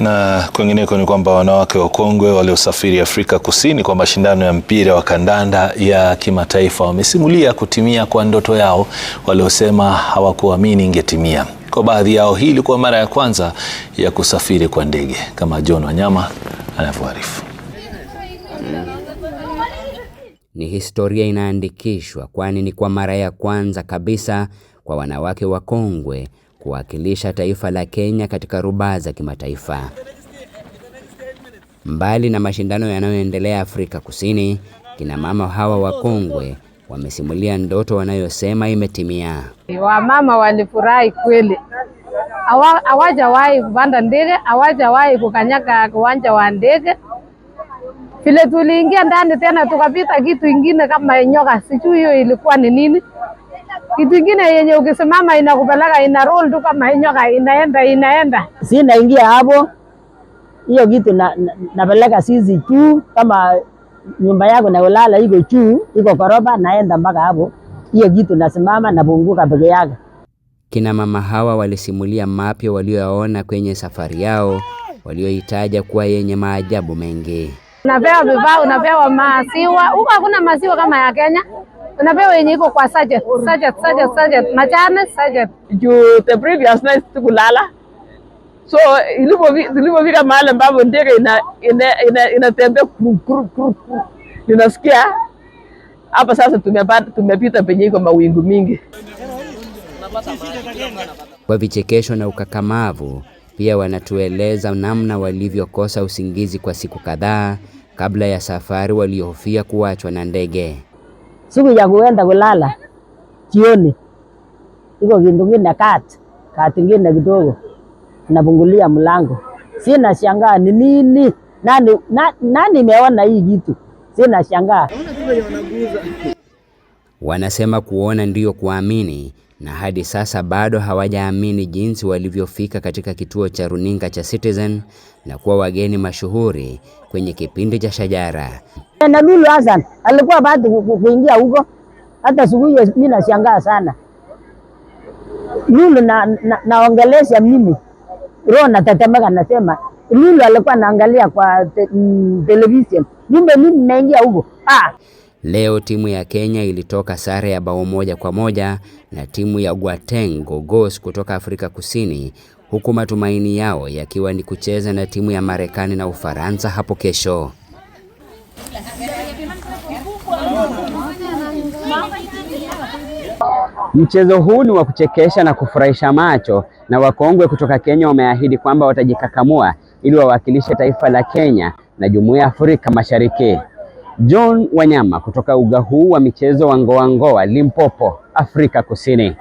Na kwingineko ni kwamba wanawake wakongwe waliosafiri Afrika Kusini kwa mashindano ya mpira wa kandanda ya kimataifa wamesimulia kutimia kwa ndoto yao waliosema hawakuamini ingetimia. Kwa baadhi yao hii ilikuwa mara ya kwanza ya kusafiri kwa ndege, kama John Wanyama anavyoarifu. Ni historia inaandikishwa, kwani ni kwa mara ya kwanza kabisa kwa wanawake wakongwe kuwakilisha taifa la Kenya katika rubaa za kimataifa. Mbali na mashindano yanayoendelea Afrika Kusini, kina mama hawa wakongwe wamesimulia ndoto wanayosema imetimia. Wamama walifurahi kweli, hawajawahi kupanda ndege, hawajawahi kukanyaga uwanja wa ndege. Vile tuliingia ndani tena tukapita kitu ingine kama nyoka, sijui hiyo ilikuwa ni nini kitu ingine yenye ukisimama inakupeleka ina roll tu kama inyoka inaenda inaenda, si naingia hapo. Hiyo kitu na, na, napeleka sisi juu, kama nyumba yako ulala iko juu, iko koroba, naenda mpaka hapo. Hiyo kitu nasimama napunguka peke yake. Kina mama hawa walisimulia mapya walioyaona kwenye safari yao walioitaja kuwa yenye maajabu mengi. Unapewa vifaa, unapewa maziwa huko, hakuna maziwa kama ya Kenya unapewa yenye iko kwa sachet sachet sachet sachet machane sachet. Juu the previous night tukulala so ilipofika mahali ambapo ndege inatembea ninasikia hapa sasa tumepita penye iko mawingu mingi. Kwa vichekesho na ukakamavu, pia wanatueleza namna walivyokosa usingizi kwa siku kadhaa kabla ya safari waliohofia kuachwa na ndege siku ya kuenda kulala jioni, iko kitu kingine kat kati ngine kidogo, napungulia mlango. Sina shangaa ni nini, nani na, nani meona hii kitu, sina shangaa. Wanasema kuona ndiyo kuamini, na hadi sasa bado hawajaamini jinsi walivyofika katika kituo cha runinga cha Citizen na kuwa wageni mashuhuri kwenye kipindi cha Shajara. Eh, na lulu Hassan alikuwa bahati kuingia huko, hata siku hiyo mimi nashangaa sana. Lulu naongelesha na, na mimi roho natetemeka, nasema Lulu alikuwa naangalia kwa te, mm, television jumbe mimi naingia huko ah. Leo timu ya Kenya ilitoka sare ya bao moja kwa moja na timu ya Gauteng Gogos kutoka Afrika Kusini, huku matumaini yao yakiwa ni kucheza na timu ya Marekani na Ufaransa hapo kesho. Mchezo huu ni wa kuchekesha na kufurahisha macho na wakongwe kutoka Kenya wameahidi kwamba watajikakamua ili wawakilishe taifa la Kenya na Jumuiya ya Afrika Mashariki. John Wanyama kutoka uga huu wa michezo wa Ngoa Ngoa, Limpopo, Afrika Kusini.